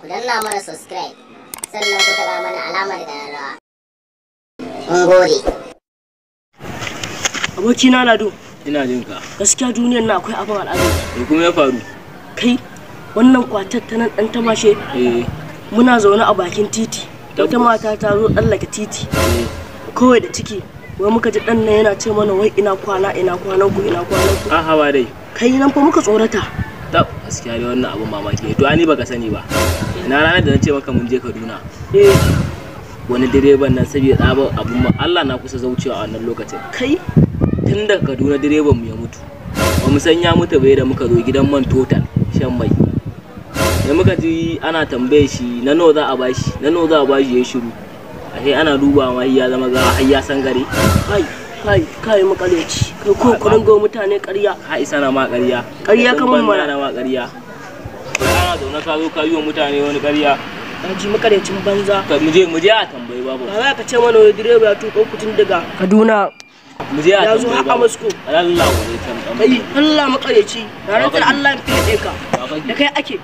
ku danna mana subscribe sannan ku taɓa mana alamar ƙararrawa. Mun gode. Abokina Lado. Ina jin ka. Gaskiya duniyar na akwai abin al'adu. Me kuma ya faru? Kai wannan kwatar ta nan ɗan tamashe. Eh. Muna zaune a bakin titi. Wata mata ta zo tsallaka titi. Eh. Kowai da ciki. wai muka ji ɗan nan yana ce mana wai ina kwana ina kwanan ku ina kwanan ku. A hawa dai. Kai nan fa muka tsorata. tab gaskiya dai wannan abun mamaki ne to ani baka sani ba na ranar da na ce maka mun je Kaduna eh wani direban nan sabida tsabar abun ma Allah na kusa zaucewa a wannan lokacin kai tun daga Kaduna direban mu ya mutu ba mu san ya mutu bai da muka zo gidan man total shan mai da muka ji ana tambaye shi na nawa za a bashi na nawa za a bashi ya shiru ashe ana duba ma ya zama ga har ya san gare ai kai kai makareci kai ko ku ringa mutane ƙarya A isa na ma ƙarya ƙarya kamar mana na ma ƙarya ana zaune ka zo ka yi wa mutane wani ƙarya ji makarecin banza mu je mu je a tambayi babu ba za ka ce mana wani direba ya tuƙa kutun daga kaduna mu je a tambayi babu ya zo har amasko Allah wa ne tambayi Allah makareci ranar Allah ya fiye ka da kai ake